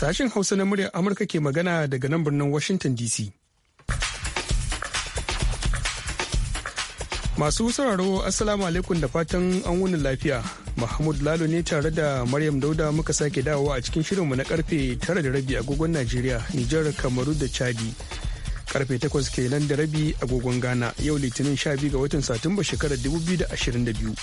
Sashen Hausa na muryar Amurka ke magana daga nan birnin Washington DC. Masu sauraro Assalamu alaikum da fatan an wuni lafiya. Mahmud Lalo ne tare da Maryam Dauda muka sake dawowa a cikin shirinmu na karfe tara da rabi agogon Najeriya, Nijar, Kamaru da Chadi. Karfe takwas kenan da rabi agogon Ghana yau Litinin 12 ga watan Satumba shekarar 2022.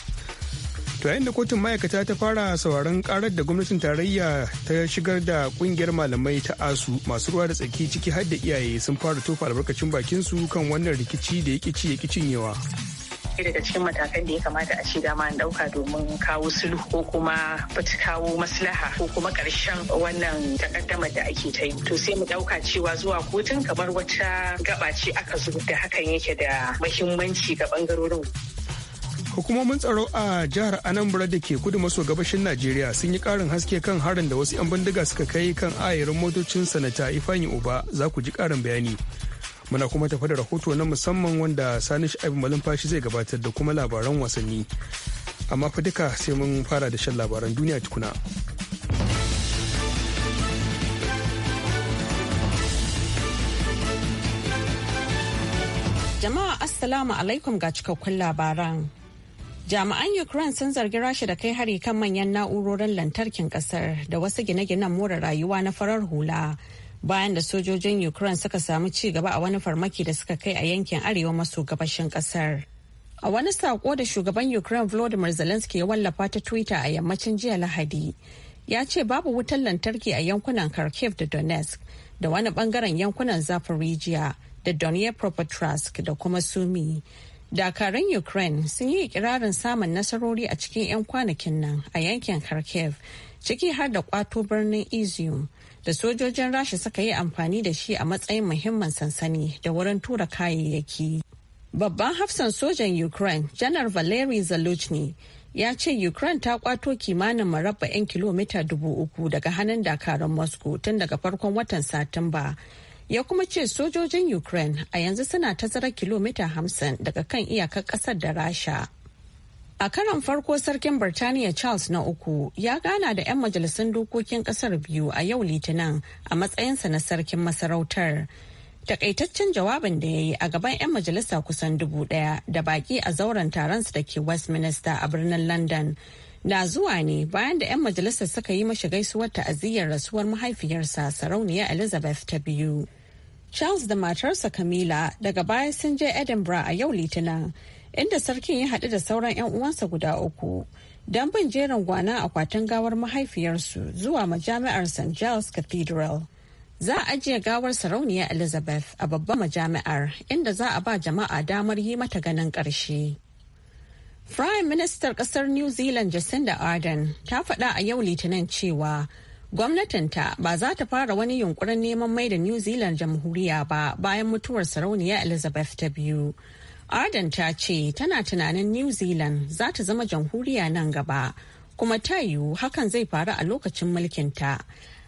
to yayin da kotun ma'aikata ta fara sauraron karar da gwamnatin tarayya ta shigar da kungiyar malamai ta asu masu ruwa da tsaki ciki har da iyaye sun fara tofa albarkacin bakin su kan wannan rikici da ya kici ya cinyewa daga cikin matakan da ya kamata a ci dama ɗauka domin kawo sulhu ko kuma kawo maslaha ko kuma karshen wannan takaddamar da ake ta yi to sai mu dauka cewa zuwa kotun kamar wata gaba ce aka zo da hakan yake da mahimmanci ga bangarorin hukumomin tsaro a jihar anambra da ke kudu maso gabashin najeriya sun yi karin haske kan harin da wasu 'yan bindiga suka kai kan ayarin motocin sanata ifani uba za ku ji karin bayani muna kuma tafi da rahoto na musamman wanda sani sha'ibu malumfashi zai gabatar da kuma labaran wasanni amma fa duka sai mun fara da shan labaran duniya tukuna jama'a assalamu alaikum ga cikakkun labaran Jami'an Ukraine sun zargi Rasha da kai hari kan manyan na'urorin lantarkin kasar da wasu gine-ginen more rayuwa na farar hula bayan da sojojin Ukraine suka samu ci gaba a wani farmaki da suka kai a yankin arewa maso gabashin kasar. A wani saƙo da shugaban Ukraine Volodymyr Zelensky ya wallafa ta Twitter a yammacin jiya Lahadi, ya ce babu wutar lantarki a yankunan Kharkiv da Donetsk da wani bangaren yankunan Zaporizhia da Donetsk da kuma Sumi. Dakarun Ukraine sun yi ikirarin samun nasarori a cikin 'yan kwanakin nan a yankin Kharkiv, ciki har da kwato birnin Izium da sojojin Rasha suka yi amfani da shi a matsayin muhimman sansani da wurin tura kayayyaki. Babban hafsan sojan Ukraine, Janar Valery Zaluchny ya ce Ukraine ta kwato kimanin yan kilomita dubu uku daga hannun dakarun Moscow tun daga farkon watan Satumba. ya kuma ce sojojin ukraine a yanzu suna tazarar kilomita 50 daga kan iyakar kasar da rasha a karon farko sarkin birtaniya charles na uku ya gana da 'yan majalisun dokokin kasar biyu a yau litinin a matsayinsa na sarkin masarautar takaitaccen jawabin da ya yi a gaban 'yan majalisa kusan dubu daya da baki a zauren taron su da ke westminster a birnin london na zuwa ne bayan da 'yan majalisar suka yi mashi gaisuwar ta'aziyyar rasuwar mahaifiyarsa sarauniya elizabeth ta biyu Charles da matarsa Camilla daga baya sun je Edinburgh a yau Litinin, inda sarkin ya haɗu da sauran 'yan uwansa guda uku. Don bin jerin gwana akwatin gawar mahaifiyarsu zuwa majami'ar St. Giles Cathedral. Za a ajiye gawar sarauniya Elizabeth a babban majami'ar inda za a ba jama'a damar yi mata ganin ƙarshe. Prime Minister ƙasar New Zealand Jacinda Ardern ta faɗa a yau Litinin cewa Gwamnatinta ba za ta fara wani yunkurin neman mai da New Zealand jamhuriya ba bayan mutuwar sarauniya Elizabeth ta biyu. Arden ta ce tana tunanin New Zealand za ta zama jamhuriya nan gaba, kuma ta yiwu hakan zai faru a lokacin mulkinta.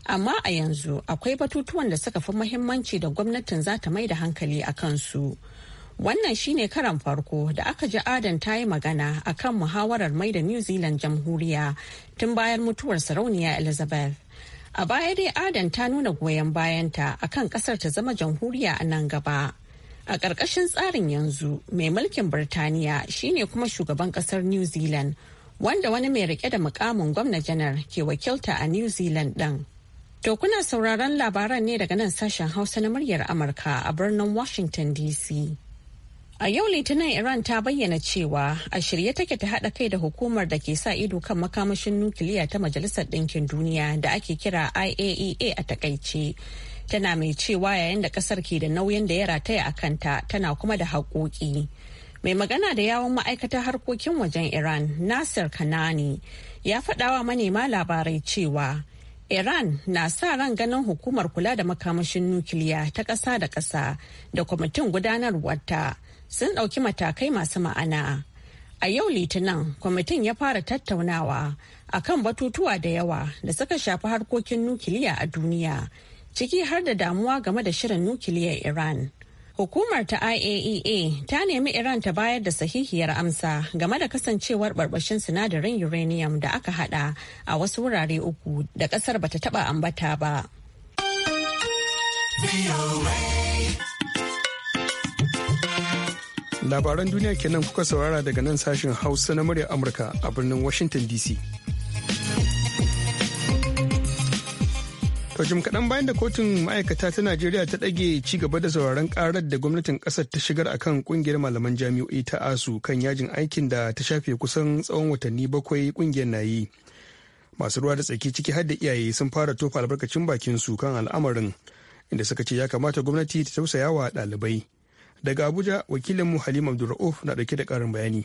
Amma a yanzu akwai batutuwan da suka fi muhimmanci da gwamnatin za ta mai da hankali a kansu. Wannan shine karan farko da aka ji Adan ta yi magana a kan muhawarar mai da New Zealand jamhuriya tun bayan mutuwar sarauniya Elizabeth. A baya dai Adan ta nuna goyon bayanta a kan kasar ta zama jamhuriya a nan gaba. A ƙarƙashin tsarin yanzu, mai mulkin Birtaniya shine kuma shugaban ƙasar New Zealand, wanda wani mai rike da mukamin gwamna janar ke wakilta a New Zealand ɗin. To kuna sauraron labaran ne daga nan sashen Hausa na muryar Amurka a birnin Washington DC. A yau Litinin Iran ta bayyana cewa a shirye take ta haɗa kai da hukumar da ke sa ido kan makamashin nukiliya ta Majalisar Ɗinkin Duniya da ake kira IAEA e a takaice. Tana mai cewa yayin da ƙasar ke da nauyin da ya rataya a kanta tana kuma da haƙoƙi. Mai magana da yawon ma'aikatar harkokin wajen Iran Nasir Kanani ya faɗawa manema labarai cewa Iran na sa ran ganin hukumar kula da makamashin nukiliya ta ƙasa da ƙasa da kwamitin gudanarwarta sun ɗauki matakai masu ma'ana. A yau Litinin, kwamitin ya fara tattaunawa a kan batutuwa da yawa da suka shafi harkokin nukiliya a duniya, ciki har da damuwa game da shirin nukiliyar Iran. Hukumar ta IAEA e ta nemi Iran ta bayar da sahihiyar amsa game da kasancewar barbashin sinadarin uranium da aka hada a wasu wurare uku da kasar bata taba ambata ba. labaran duniya kenan kuka saurara daga nan sashen hausa na murya amurka a birnin washington dc To jim kaɗan bayan da kotun ma'aikata ta Najeriya ta ɗage ci gaba da sauraron ƙarar da gwamnatin ƙasar ta shigar a kan ƙungiyar malaman jami'o'i ta ASU kan yajin aikin da ta shafe kusan tsawon watanni bakwai ƙungiyar na yi. Masu ruwa da tsaki ciki har da iyaye sun fara tofa albarkacin bakin su kan al'amarin inda suka ce ya kamata gwamnati ta tausaya wa ɗalibai. daga abuja wakilinmu halima abdulra'uf na dauke da karin bayani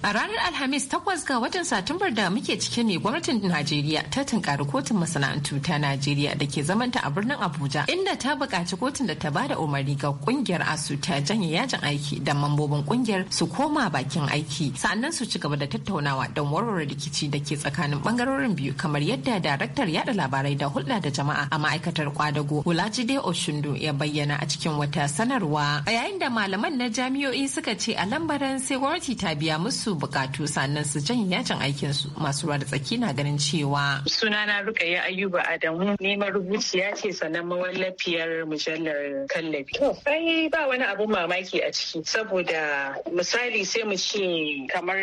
A ranar Alhamis takwas ga watan Satumbar da muke cike ne gwamnatin Najeriya ta tunkari kotun masana'antu ta Najeriya da ke zamanta a birnin Abuja inda ta buƙaci kotun da ta bada umarni ga kungiyar ASU ta janye yajin aiki da mambobin kungiyar su koma bakin aiki sannan su ci gaba da tattaunawa don warware rikici da ke tsakanin bangarorin biyu kamar yadda daraktar yada labarai da hulɗa da jama'a a ma'aikatar kwadago Olajide Oshundu ya bayyana a cikin wata sanarwa a yayin da malaman na jami'o'i suka ce a lambaran sai gwamnati ta biya musu su bukatu sannan su janye yajin aikin su masu ruwa da tsaki na ganin cewa sunana rukaya ayuba adamu ne marubuciya ce sannan mawallafiyar mujallar kallabi to sai ba wani abu mamaki a ciki saboda misali sai mu ce kamar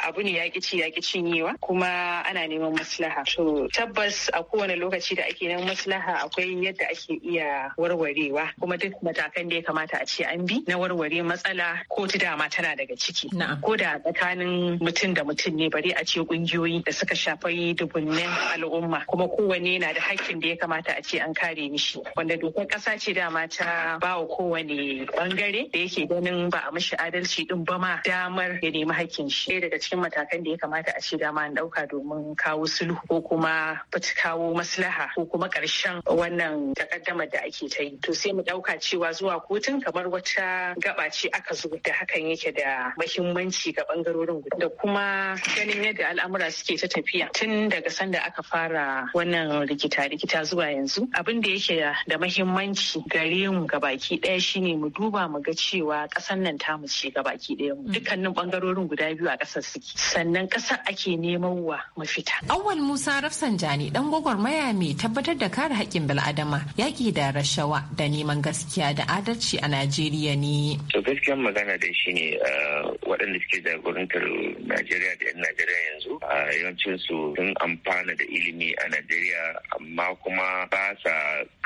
abu ne ya ci ya cinyewa kuma ana neman maslaha to tabbas a kowane lokaci da ake neman maslaha akwai yadda ake iya warwarewa kuma duk matakan da ya kamata a ce an bi na warware matsala ko ta dama tana daga ciki ko da tsakanin mutum da mutum ne bari a ce kungiyoyi da suka shafi dubunnin al'umma kuma kowanne na da hakkin da ya kamata a ce an kare mishi wanda dokar kasa ce dama ta ba wa kowane bangare da yake ganin ba a mishi adalci din ba ma damar ya nemi hakkin shi daga cikin matakan da ya kamata a ce dama an ɗauka domin kawo sulhu ko kuma kawo maslaha ko kuma ƙarshen wannan takaddamar da ake ta yi to sai mu ɗauka cewa zuwa kotun kamar wata gaba ce aka zo da hakan yake da mahimmanci ga bangarorin da kuma ganin yadda al'amura suke ta tafiya tun daga sanda aka fara wannan rikita-rikita zuwa yanzu abin da yake da mahimmanci gare mu baki daya shine mu duba mu ga cewa ƙasar nan mu ce gabaki daya mu mm. dukkanin bangarorin guda biyu a kasar suke sannan ƙasar ake neman wa mafita. Awwal Musa rafsan jani dan gwagwarmaya mai tabbatar da kare haƙƙin bil'adama yaƙi da rashawa da neman gaskiya da adalci a Najeriya ne. To gaskiyar magana da shi eh, waɗanda suke jagoranci jagorantar Najeriya da 'yan Najeriya yanzu yawancin su sun amfana da ilimi a Najeriya amma kuma ba sa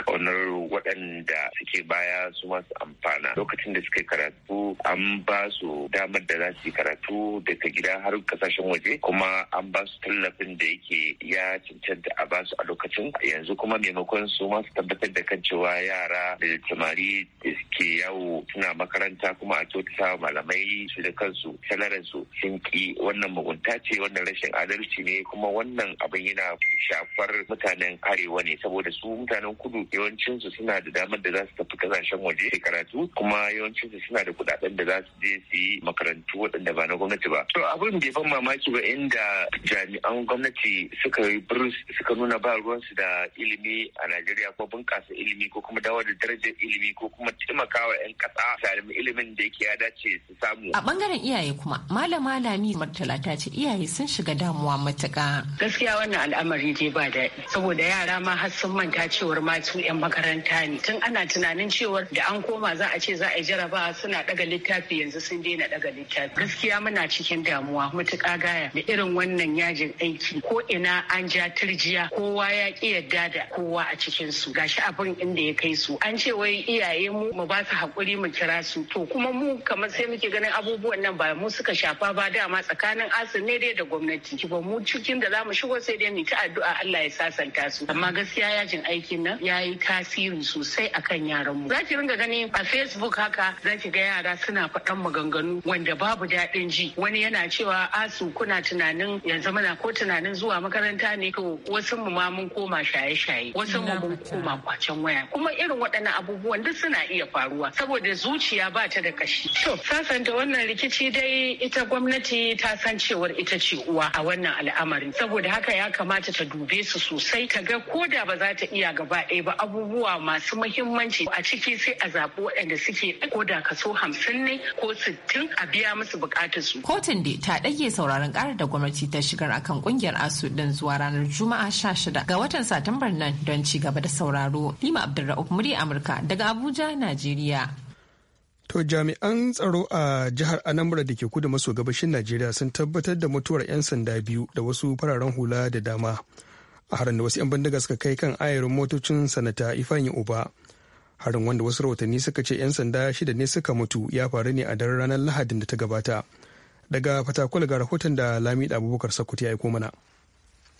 ƙaunar waɗanda suke baya su masu amfana lokacin da suke karatu an ba su damar da za su yi karatu daga gida har kasashen waje kuma an ba su tallafin da yake ya cancanta a ba su a lokacin yanzu kuma maimakon su masu tabbatar da kan cewa yara da samari da suke yawo suna makaranta kuma a kyautata malamai su da kansu salararsu su sun ki wannan mugunta ce wannan rashin adalci ne kuma wannan abin yana shafar mutanen arewa ne saboda su mutanen kudu yawancin su suna da damar da za su tafi kasashen waje karatu kuma yawancin su suna da kudaden da za su je su yi makarantu waɗanda ba na gwamnati ba to abin bai ban mamaki ba inda jami'an gwamnati suka yi suka nuna ba ruwan su da ilimi a najeriya ko bunƙasa ilimi ko kuma dawo da darajar ilimi ko kuma taimakawa 'yan ƙasa ilimin da yake ya dace su samu a bangaren iyaye kuma Malama malami martala ta ce iyaye sun shiga damuwa matuka. Gaskiya wannan al'amari dai ba daɗi saboda yara ma har sun manta cewar ma su 'yan makaranta ne tun ana tunanin cewar da an koma za a ce za a yi jaraba suna ɗaga littafi yanzu sun daina ɗaga littafi. Gaskiya muna cikin damuwa matuƙa gaya da irin wannan yajin aiki ko ina an ja turjiya kowa ya ƙi yadda da kowa a cikin su gashi abin inda ya kai su an ce wai iyaye mu mu ba su haƙuri mu kira su to kuma mu kamar sai muke ganin abubuwan nan ba mu suka shafa shafa ba dama tsakanin asu ne dai da gwamnati ba mu cikin da zamu shigo sai dai mu ta addu'a Allah ya sasanta su amma gaskiya yajin aikin nan yayi tasiri sosai akan yaran mu zaki ringa gani a Facebook haka zaki ga yara suna faɗan maganganu wanda babu daɗin ji wani yana cewa asu kuna tunanin yanzu muna ko tunanin zuwa makaranta ne ko wasu mu ma mun koma shaye-shaye wasu mu mun koma kwacen waya kuma irin waɗannan abubuwan duk suna iya faruwa saboda zuciya ba ta da kashi to sasanta wannan rikici dai ita gwamnati ta san cewar ita ce uwa a wannan al'amarin saboda haka ya kamata ta dube su sosai ta ga ko da ba za ta iya gaba ɗaya ba abubuwa masu muhimmanci a ciki sai a zaɓi waɗanda suke ko da kaso hamsin ne ko sittin a biya musu buƙatar su. Kotun da ta ɗage sauraron ƙarar da gwamnati ta shigar akan ƙungiyar ASU ɗin zuwa ranar Juma'a sha shida ga watan Satumbar nan don ci gaba da sauraro. Lima Abdulra'uf murya Amurka daga Abuja, Najeriya. To jami'an tsaro a jihar Anambra da ke kudu maso gabashin Najeriya sun tabbatar da mutuwar 'yan sanda biyu da wasu fararen hula da dama. A harin da wasu 'yan bindiga suka kai kan ayarin motocin sanata Ifeanyi Uba. Harin wanda wasu rahotanni suka ce 'yan sanda shida ne suka mutu ya faru ne a daren ranar Lahadin da ta gabata. Daga Fatakwal ga rahoton da lami Abubakar Sakut ya aiko mana.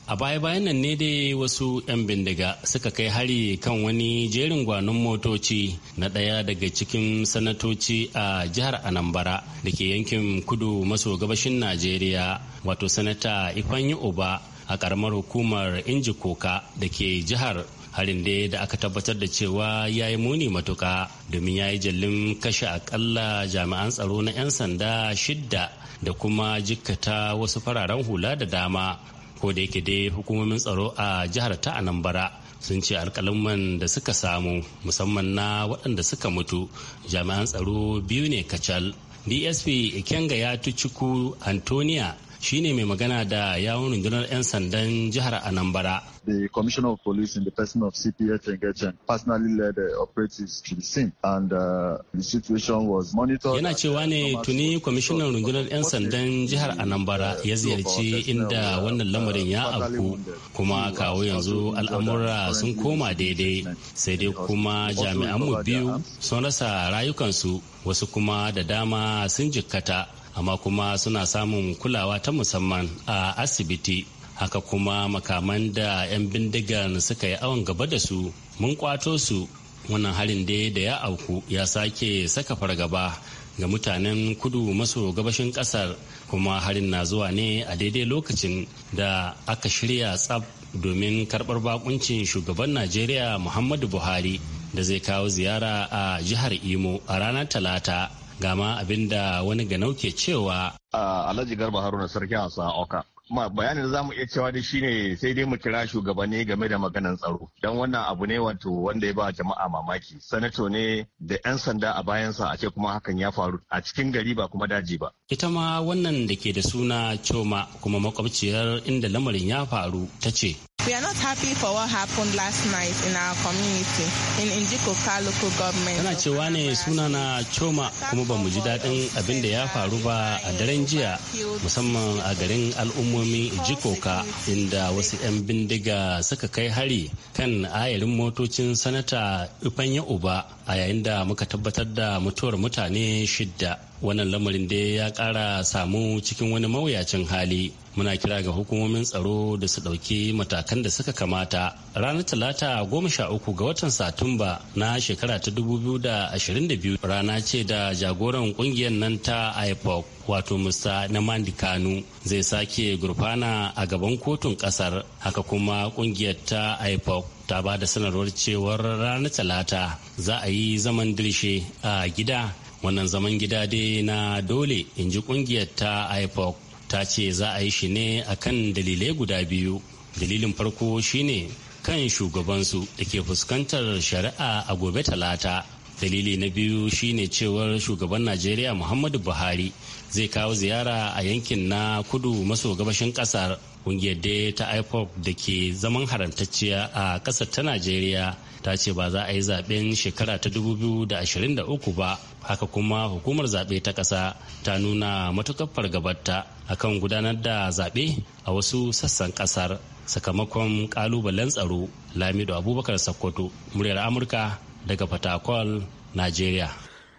a baya-bayan nan ne dai wasu 'yan bindiga suka kai hari kan wani jerin gwanon motoci na ɗaya daga cikin sanatoci a jihar anambra da ke yankin kudu maso gabashin najeriya wato sanata ifanyi oba a karamar hukumar injikoka da ke jihar harin dai da aka tabbatar da cewa ya yi muni matuka domin ya yi jallin kashe akalla jami'an tsaro na 'yan sanda shidda da kuma jikkata wasu fararen hula da dama ko da yake dai hukumomin tsaro a jihar ta anambra sun ce alkalaman da suka samu musamman na waɗanda suka mutu jami'an tsaro biyu ne kacal dsp ikenga ya tuciku antonia shi ne mai magana da yawon rundunar 'yan sandan jihar anambra the commissioner of police in the person of cph engechen personally led the operatives to the scene and uh, the situation was monitored yana cewa ne tuni kwamishinan rundunar 'yan sandan jihar anambra ya ziyarci inda uh, wannan lamarin ya afku kuma kawo yanzu al'amura sun koma daidai sai dai kuma jami'anmu biyu sun rasa rayukansu wasu kuma da dama sun jikkata amma kuma suna samun kulawa ta musamman a asibiti haka kuma makaman da 'yan bindigan suka yi awon gaba da su mun kwato su wannan harin dai da ya auku ya sake saka fargaba ga mutanen kudu maso gabashin kasar kuma harin na zuwa ne a daidai lokacin da aka shirya tsab domin karbar bakuncin shugaban najeriya muhammadu buhari da zai kawo ziyara a jihar imo a ranar talata gama abinda wani ganau ke cewa alhaji garba haruna sarki hausa oka ma bayanin da zamu iya cewa da shine sai dai mu kira shugabanni game da maganar tsaro dan wannan abu ne wato wanda ya ba jama'a mamaki sanato ne da 'yan sanda a bayansa a ce kuma hakan ya faru a cikin gari ba kuma daji ba ita ma wannan da ke da suna coma kuma makwabciyar inda lamarin ya faru ta ce We are not happy for what happened last night in our community in Injikoka local government. Tana cewa ne sunana na Choma kuma ba mu ji daɗin abin da ya faru ba a daren jiya musamman a garin al'ummomin Injikoka inda wasu 'yan bindiga suka kai hari kan ayarin motocin sanata Ifanya Uba a yayin da muka tabbatar da mutuwar mutane shidda wannan lamarin da ya kara samu cikin wani mawuyacin hali muna kira ga hukumomin tsaro da su ɗauki matakan da suka kamata ranar talata goma sha uku ga watan satumba na shekara ta dubu biyu da ashirin da biyu rana ce da jagoran kungiyar nan ta ipoc wato musa na mandikanu zai sake gurfana a gaban kotun kasar haka kuma kungiyar ta ipoc ta ba da sanarwar cewar ranar talata za a yi zaman dirshe a gida wannan zaman gida dai na dole in ji kungiyar ta ipoc ta ce za a yi shi ne a kan dalilai guda biyu dalilin farko shine kan shugabansu da ke fuskantar shari'a a gobe talata dalili na biyu shine cewar shugaban najeriya muhammadu buhari zai kawo ziyara a yankin na kudu maso gabashin kasar kungiyar dai ta ipop da ke zaman haramtacciya a kasar ta najeriya ta ce ba za a yi zaben shekara ta 2023 ba haka kuma hukumar zaɓe ta ƙasa ta nuna matukar fargabarta akan gudanar da zaɓe a wasu sassan ƙasar sakamakon ƙalubalen tsaro lamido abubakar sakkwato muryar amurka daga fatakwal najeriya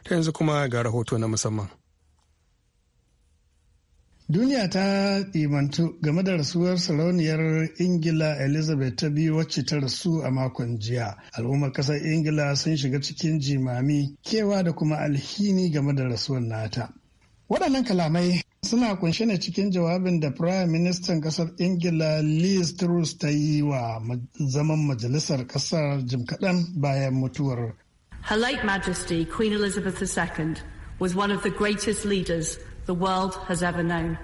ta yanzu kuma ga rahoto na musamman Duniya ta imantu game da rasuwar sarauniyar Ingila Elizabeth ta biyu wacce ta rasu a makon jiya. Al'ummar ƙasar Ingila sun shiga cikin jimami, kewa da kuma alhini game da rasuwar nata. Waɗannan kalamai suna kunshe ne cikin jawabin da Prime Ministan ƙasar Ingila Liz Truss ta yi wa zaman majalisar ƙasar jim kaɗan bayan mutuwar. Her late Majesty Queen Elizabeth II was one of the greatest leaders the world has ever known.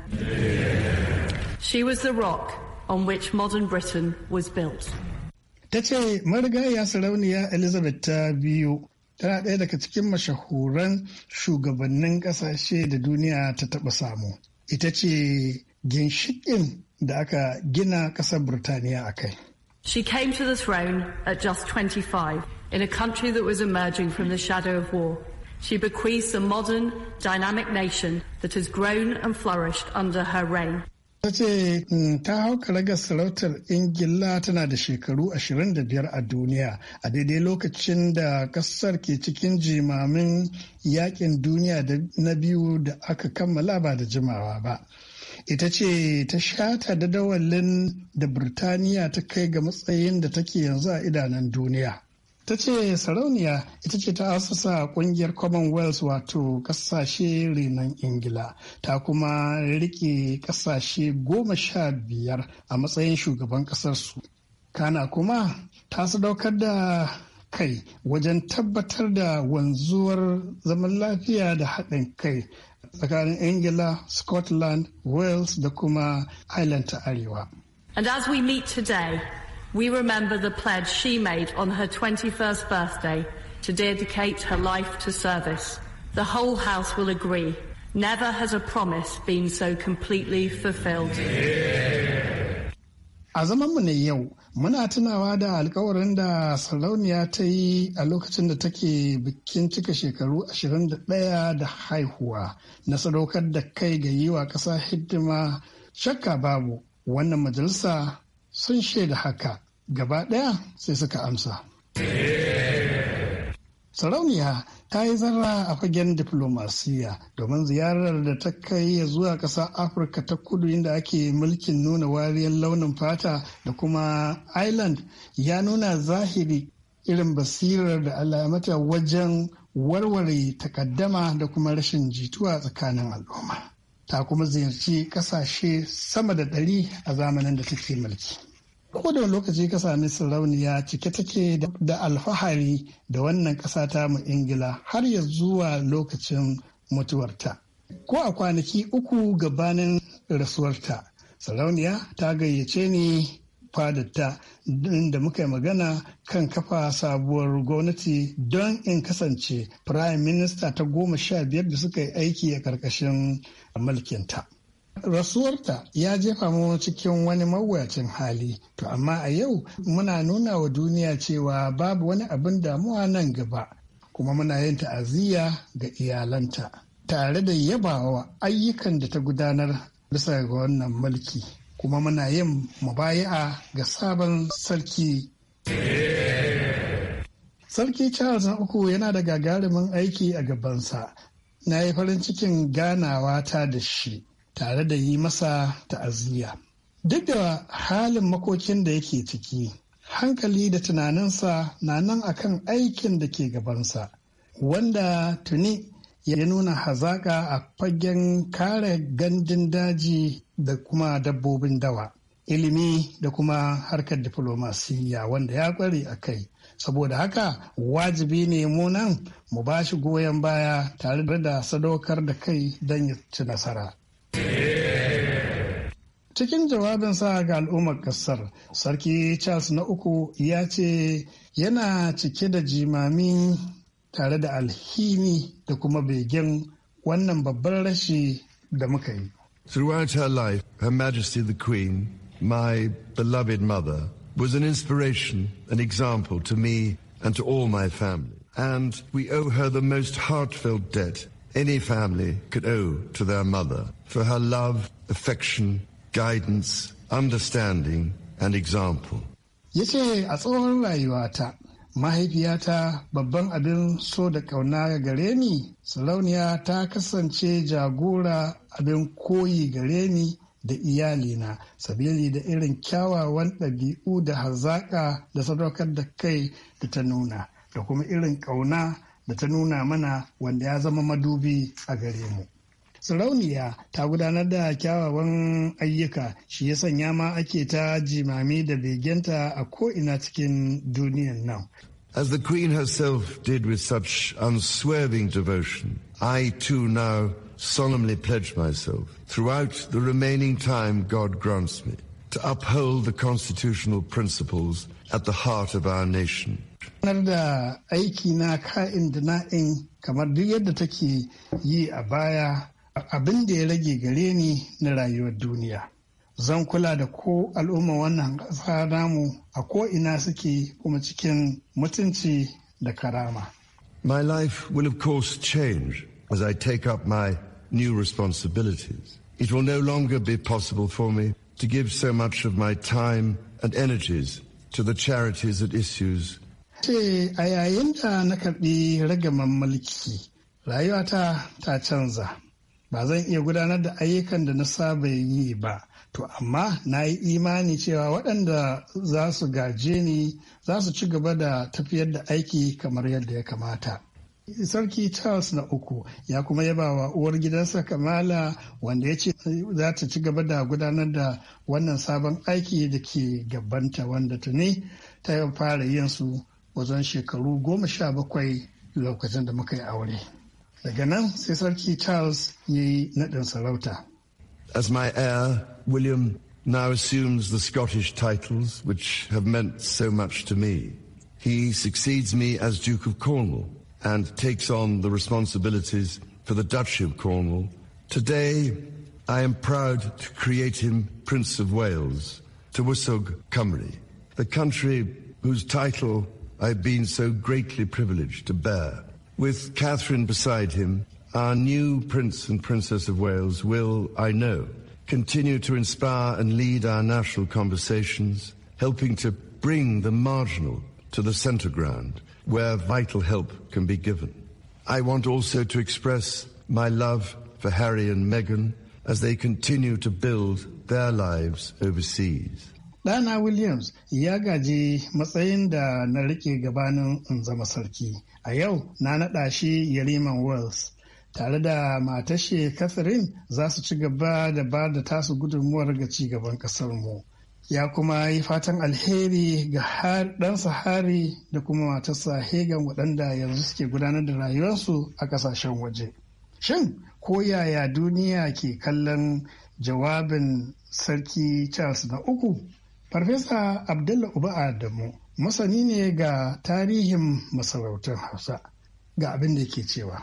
She was the rock on which modern Britain was built. Ta ce marigaya sarauniya Elizabeth ta biyu tana ɗaya daga cikin mashahuran shugabannin ƙasashe da duniya ta taɓa samu. Ita ce ginshiƙin da aka gina ƙasar Burtaniya a kai. She came to the throne at just 25 in a country that was emerging from the shadow of war. She bequeaths a modern, dynamic nation that has grown and flourished under her reign. ta ce mm, ta hau karagar sarautar ingila tana da shekaru 25 a duniya a daidai lokacin da kasar ke cikin jimamin yakin duniya na biyu da aka kammala ba da jimawa ba ita ce ta shata da dawalin da birtaniya ta kai ga matsayin da take yanzu a idanun duniya ta ce sarauniya ita ce ta ƙungiyar kungiyar commonwealth wato kasashe renon ingila ta kuma rike kasashe goma sha biyar a matsayin shugaban kasarsu kana kuma ta su sadaukar da kai wajen tabbatar da wanzuwar zaman lafiya da haɗin kai tsakanin ingila scotland wales da kuma ireland ta arewa and as we meet today We remember the pledge she made on her 21st birthday to dedicate her life to service. The whole House will agree. Never has a promise been so completely fulfilled. muna tunawa da alkawarin da ta yi a lokacin da take bikin cika shekaru 21 da haihuwa na sadaukar da kai ga yi wa ƙasa hidima shakka babu wannan majalisa sun shaida haka gaba ɗaya sai suka amsa. Sarauniya ta yi zarra a fagen diplomasiya domin ziyarar da ta kai zuwa ƙasar Afirka ta kudu inda ake mulkin nuna wariyar launin fata da kuma Island ya nuna zahiri irin basirar da alamata wajen warware takaddama da kuma rashin jituwa tsakanin al'umma. ta kuma ziyarci kasashe sama da ɗari a zamanin da take mulki. Ko da lokaci kasa ne sarauniya cike take da alfahari da wannan ƙasa ta mu Ingila har ya zuwa lokacin mutuwarta. Ko a kwanaki uku gabanin rasuwarta, sarauniya ta gayyace ni Fadatta, inda muka yi magana kan kafa sabuwar gwamnati don in kasance prime minister ta goma sha biyar da suka yi aiki a karkashin mulkinta. rasuwarta ya jefa mu cikin wani mawuyacin hali to amma a yau muna nuna wa duniya cewa babu wani abin damuwa nan gaba kuma muna yin ta'aziyya ga iyalanta tare da yabawa ayyukan da ta gudanar bisa ga wannan mulki kuma muna yin mubaya'a ga sabon sarki. Sarki Charles na uku yana da gagarumin aiki a gabansa. Na yi farin cikin ganawa ta da shi tare da yi masa ta'aziyya. Duk da halin makokin da yake ciki, hankali da tunaninsa na nan akan aikin da ke gabansa, wanda tuni ya nuna hazaƙa a fagen kare gandun daji da kuma dabbobin dawa ilimi da kuma harkar diflomasiyya wanda ya kware a kai saboda haka wajibi ne mu nan mu ba shi goyon baya tare da sadaukar da kai don ya ci nasara cikin jawabin sa ga al'ummar kasar sarki charles na uku ya ce yana cike da jimami tare da alhini da kuma begen wannan babban rashi da muka yi Throughout her life, Her Majesty the Queen, my beloved mother, was an inspiration, an example to me and to all my family. And we owe her the most heartfelt debt any family could owe to their mother for her love, affection, guidance, understanding, and example. mahaifiyata babban abin so da ƙauna gare ni sarauniya ta kasance jagora abin koyi gare ni da iyalina sabili da irin kyawawan ɗabi'u da hazaƙa da sadaukar da kai da ta nuna da kuma irin ƙauna da ta nuna mana wanda ya zama madubi a gare mu sarauniya ta gudanar da kyawawan ayyuka shi ya sanya ma ake ta jimami da begenta a ko'ina cikin duniyan nan As the Queen herself did with such unswerving devotion, I too now solemnly pledge myself throughout the remaining time God grants me to uphold the constitutional principles at the heart of our nation. aiki na kamar duk yadda take yi a baya abin da ya rage gare ni na rayuwar duniya zan kula da ko al'umma wannan ƙasa namu a ko ina suke kuma cikin mutunci da karama my life will of course change as i take up my new responsibilities it will no longer be possible for me to give so much of my time and energies to the charities and issues. Ce a yayin da na karɓi ragaman mulki, rayuwata ta canza. ba zan iya gudanar da ayyukan da na saba yi ba to amma na yi imani cewa waɗanda za su gaje ni za su ci gaba da tafiyar da aiki kamar yadda ya kamata sarki charles na uku ya kuma yaba wa uwar gidansa kamala wanda ya ce za ta ci gaba da gudanar da wannan sabon aiki da ke gabanta wanda ta ne ta fara yin su wajen shekaru goma sha bakwai lokacin da muka yi aure. Daga nan sai Sarki Charles ya yi naɗin sarauta. As my heir, William now assumes the Scottish titles which have meant so much to me. He succeeds me as Duke of Cornwall and takes on the responsibilities for the Duchy of Cornwall. Today, I am proud to create him Prince of Wales, Wusog Cymru, the country whose title I've been so greatly privileged to bear. With Catherine beside him, our new Prince and Princess of Wales will, I know, continue to inspire and lead our national conversations, helping to bring the marginal to the centre ground where vital help can be given. I want also to express my love for Harry and Meghan as they continue to build their lives overseas. Dana Williams ya gaji matsayin da na rike a yau na naɗa shi Yariman Wells. Tare da matashe Catherine za su ci gaba da ba da tasu gudunmuwar ga ci gaban ƙasarmu. Ya kuma yi fatan alheri ga ɗansa Hari da kuma matarsa Hegan waɗanda yanzu suke gudanar da rayuwarsu a ƙasashen waje. Shin ko yaya duniya ke kallon jawabin Sarki Charles na uku? Farfesa Abdullah Uba Adamu masani ne ga tarihin masarautar hausa ga abin da ke cewa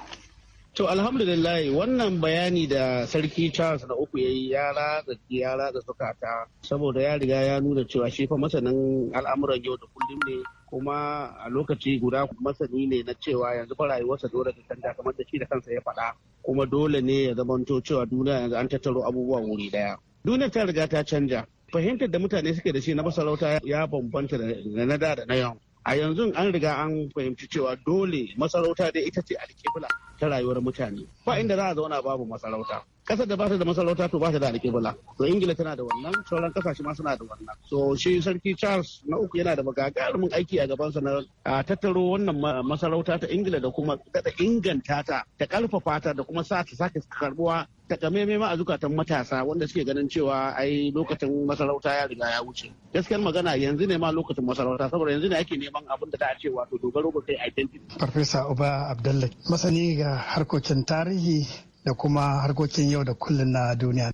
to alhamdulillah wannan bayani da sarki charles na uku ya yi ya ratsa ya ratsa saboda ya riga ya nuna cewa shi fa masanin al'amuran yau da kullum ne kuma a lokaci guda masani ne na cewa yanzu fa rayuwarsa dole ta canja kamar da shi da kansa ya faɗa kuma dole ne ya zamanto cewa duniya yanzu an tattaro abubuwa wuri daya duniya ta riga ta canja fahimtar da mutane suke da shi na masarauta ya bambanta da na da na yau a yanzu an riga an fahimci cewa dole masarauta dai ita ce alkibla ta rayuwar mutane ba inda za a zauna babu masarauta kasar da ba ta da masarauta to ba ta da alƙibla to ingila tana da wannan sauran kasashe ma suna da wannan so shi sarki charles na uku yana da magagarumin aiki a gabansa na tattaro wannan masarauta ta ingila da kuma kada inganta ta ta karfafa ta da kuma sa ta sake karbuwa takamaimai ma a zukatan matasa wanda suke ganin cewa ai lokacin masarauta ya riga ya wuce gaskiyar magana yanzu ne ma lokacin masarauta saboda yanzu ne ake neman abin da ta ce wato dogaro ga kai identity professor uba abdullahi masani ga harkokin tarihi da kuma harkokin yau da kullum na duniya.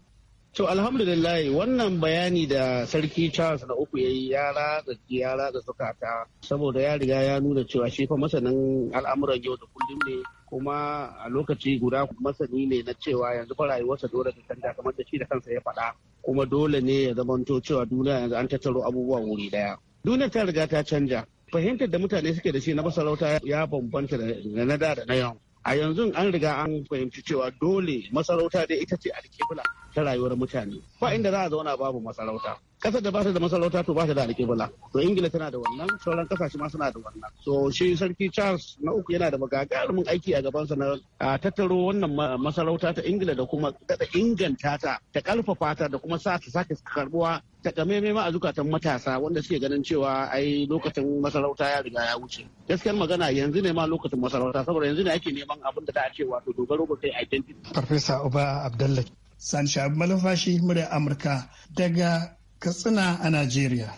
To alhamdulillah wannan bayani da sarki Charles na uku ya yi ya ratsa ya ratsa ta saboda ya riga ya nuna cewa shi fa masanin al'amuran yau da kullum ne kuma a lokaci guda masani ne na cewa yanzu fa rayuwarsa dole ta canza kamar da shi da kansa ya faɗa kuma dole ne ya zamanto cewa duniya yanzu an tattaro abubuwa wuri daya. Duniya ta riga ta canja fahimtar da mutane suke da shi na masarauta ya bambanta da na da na yau a yanzu an riga an fahimci cewa dole masarauta dai ita ce alkibla ta rayuwar mutane ba inda za a zauna babu masarauta kasar da ba ta da masarauta to ba ta da alƙibla to ingila tana da wannan sauran kasashe ma suna da wannan so shi sarki charles na uku yana da magagarumin aiki a gabansa na A tattaro wannan masarauta ta ingila da kuma da inganta ta ta karfafa ta da kuma sa ta sake karbuwa kameme ma a zukatan matasa wanda suke ganin cewa ai lokacin masarauta ya riga ya wuce gaskiyar magana yanzu ne ma lokacin masarauta saboda yanzu ne ake neman abin da a ce wato dogaro ba kai identity professor uba abdullahi san shahab malafashi murya amurka daga Katsina a Najeriya.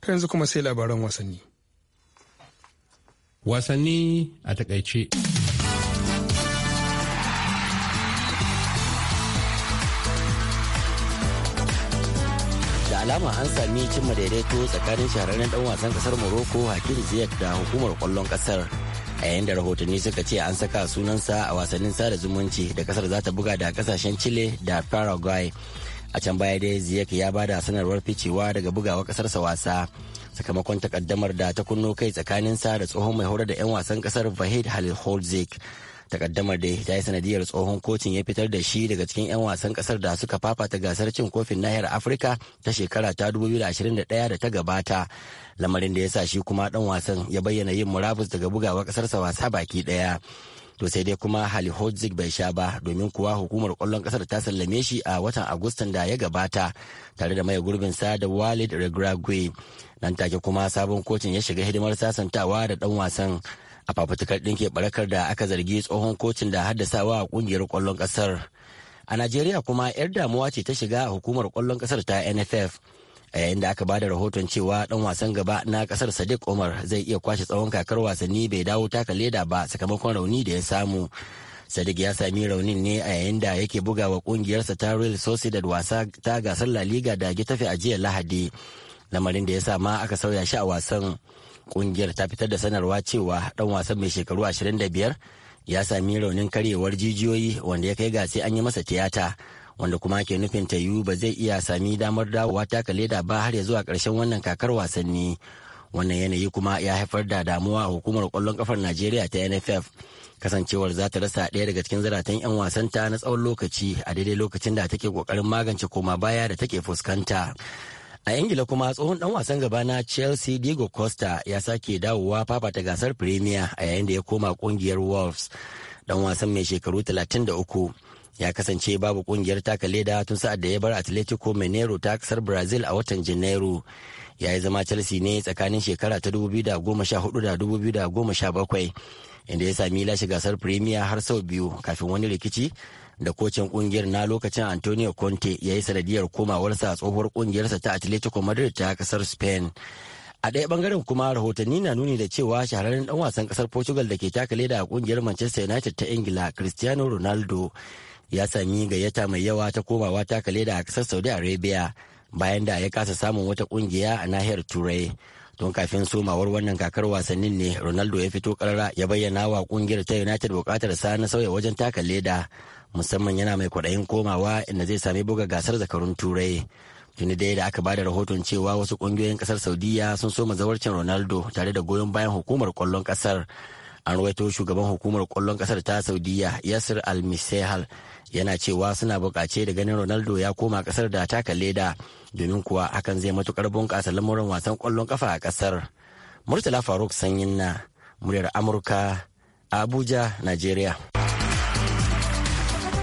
To yanzu kuma sai labaran wasanni. Wasanni a takaice. Da alama an sami cimma daidaito tsakanin shahararren dan wasan kasar Morocco Hakim Ziyech da hukumar kwallon kasar. a yayin da rahotanni suka ce an saka sunansa a wasannin sada zumunci da kasar za ta buga da kasashen chile da paraguay a can baya dai ziyek ya bada sanarwar ficewa daga bugawa kasarsa wasa sakamakon takaddamar da ta kunno kai tsakaninsa da tsohon mai horar da 'yan wasan kasar vahid halil holzik takaddamar da ta yi sanadiyar tsohon kocin ya fitar da shi daga cikin 'yan wasan kasar da suka fafata gasar cin kofin nahiyar afirka ta shekara ta 2021 da ta gabata lamarin da ya sa shi kuma dan wasan ya bayyana yin murabus daga bugawa kasarsa wasa baki daya to sai dai kuma Hali Hozik bai sha ba domin kuwa hukumar kwallon kasar ta sallame shi a watan agustan da ya gabata tare da mai gurbin sa da walid regragui nan take kuma sabon kocin ya shiga hidimar sasantawa da dan wasan a fafutukar ke barakar da aka zargi tsohon kocin da haddasawa a kungiyar kwallon kasar a najeriya kuma yar damuwa ce ta shiga hukumar kwallon kasar ta nff a yayin da aka ba da rahoton cewa dan wasan gaba na kasar sadiq umar zai iya kwashe tsawon kakar wasanni bai dawo taka leda ba sakamakon rauni da ya samu sadiq ya sami raunin ne a yayin da yake buga wa kungiyarsa ta real sociedad wasa ta gasar la liga da getafe a jiya lahadi lamarin da ya sa ma aka sauya shi a wasan kungiyar ta fitar da sanarwa cewa dan wasan mai shekaru 25 ya sami raunin karyewar jijiyoyi wanda ya kai ga sai an yi masa tiyata wanda kuma ke nufin ta tayu ba zai iya sami damar dawowa taka leda ba har ya zuwa ƙarshen wannan kakar wasanni wannan yanayi kuma ya haifar da damuwa a hukumar kwallon kafar najeriya ta nff kasancewar za ta rasa ɗaya daga cikin zaratan 'yan wasanta na tsawon lokaci a daidai lokacin da take kokarin magance koma baya da take fuskanta a ingila kuma tsohon dan wasan gaba na chelsea diego costa ya sake dawowa fafata gasar premier a yayin da ya koma kungiyar wolves dan wasan mai shekaru 33 ya kasance babu kungiyar taka leda tun sa'ad da ya bar atletico mineiro ta kasar brazil a watan janairu ya yi zama chelsea ne tsakanin shekara ta 2014 da 2017 inda ya sami lashe gasar premier har sau biyu kafin wani rikici da kocin kungiyar na lokacin antonio conte ya yi sanadiyar komawarsa a tsohuwar kungiyarsa ta atletico madrid ta kasar spain a ɗaya ɓangaren kuma rahotanni na nuni da cewa shahararren ɗan wasan ƙasar portugal da ke taka leda a ƙungiyar manchester united ta ingila cristiano ronaldo ya sami gayyata mai yawa ta komawa taka leda a ƙasar saudi arabia bayan da ya kasa samun wata kungiya a nahiyar turai Tun kafin somawar wannan kakar wasannin ne ronaldo ya fito karara ya bayyana wa kungiyar ta united bukatar sa na sauya wajen taka leda musamman yana mai kwaɗayin komawa inda zai sami buga gasar zakarun turai tuni dai da aka bada rahoton cewa wasu kungiyoyin kasar saudiya sun soma zawarcin ronaldo tare da goyon bayan hukumar kwallon kasar an ruwaito shugaban hukumar kwallon kasar ta saudiya yasir al-misehal yana cewa suna bukace da ganin ronaldo ya koma kasar da kalle leda domin kuwa hakan zai matukar bunƙasa lamuran wasan kwallon ƙafa a kasar murtala faruk sanyin na muryar amurka abuja nigeria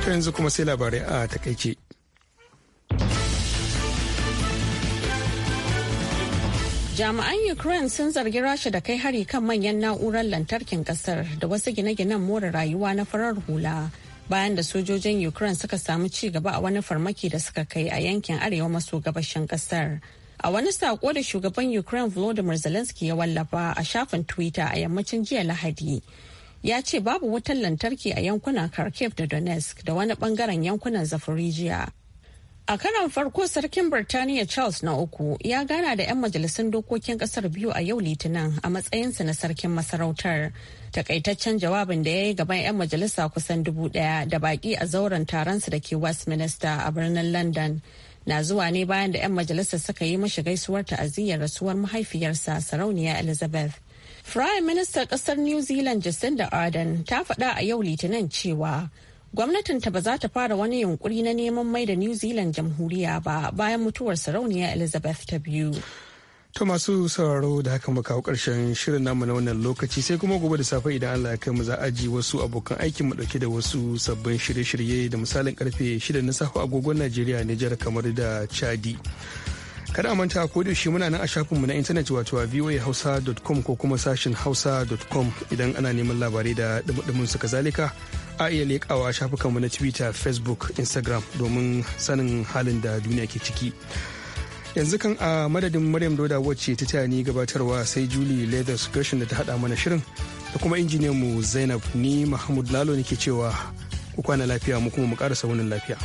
yanzu kuma sai labarai a takaice jami'an ukraine sun zargi rasha da kai hari kan manyan na'urar lantarkin kasar da wasu gine-ginen more rayuwa na farar hula bayan da sojojin Ukraine suka samu ci gaba a wani farmaki da suka kai a yankin arewa maso gabashin kasar. A wani sako da shugaban Ukraine Volodymyr Zelensky ya wallafa a shafin Twitter a yammacin jiya Lahadi. Ya ce babu wutar lantarki a yankunan Kharkiv da Donetsk da wani bangaren yankunan Zafirijiya. A karon farko sarkin Birtaniya Charles na uku ya gana da 'yan majalisun dokokin kasar biyu a yau Litinin a matsayinsa na sarkin masarautar. takaitaccen jawabin da ya yi gaban 'yan majalisa kusan dubu daya da baki a zauren taron su da ke westminster a birnin london na zuwa ne bayan da 'yan majalisa suka yi mashi gaisuwar ta'aziyyar rasuwar mahaifiyarsa sarauniya elizabeth prime minister kasar new zealand jacinda ardern ta faɗa a yau litinin cewa gwamnatinta ba za ta fara wani yunkuri na neman mai da new zealand jamhuriya ba bayan mutuwar sarauniya elizabeth ta biyu To masu sauraro da haka muka kawo ƙarshen shirin namu na wannan lokaci sai kuma gobe da safe idan Allah ya kai mu za a ji wasu abokan aikin mu dauke da wasu sabbin shirye-shirye da misalin karfe 6 na safe agogon Najeriya Nijar kamar da Chadi. Kada manta ko da shi muna nan a shafin mu na intanet wato a voahausa.com ko kuma sashin hausa.com idan ana neman labarai da dumudumin su kazalika a iya shafukan shafukanmu na Twitter, Facebook, Instagram domin sanin halin da duniya ke ciki. yanzu kan a madadin maryam doda wacce ta taya ni gabatarwa sai julie leathers gershon da ta hada mana shirin da kuma injiniyan mu zainab ni mahmud lalo nake cewa ku kwana lafiya mu kuma mu karasa wunin lafiya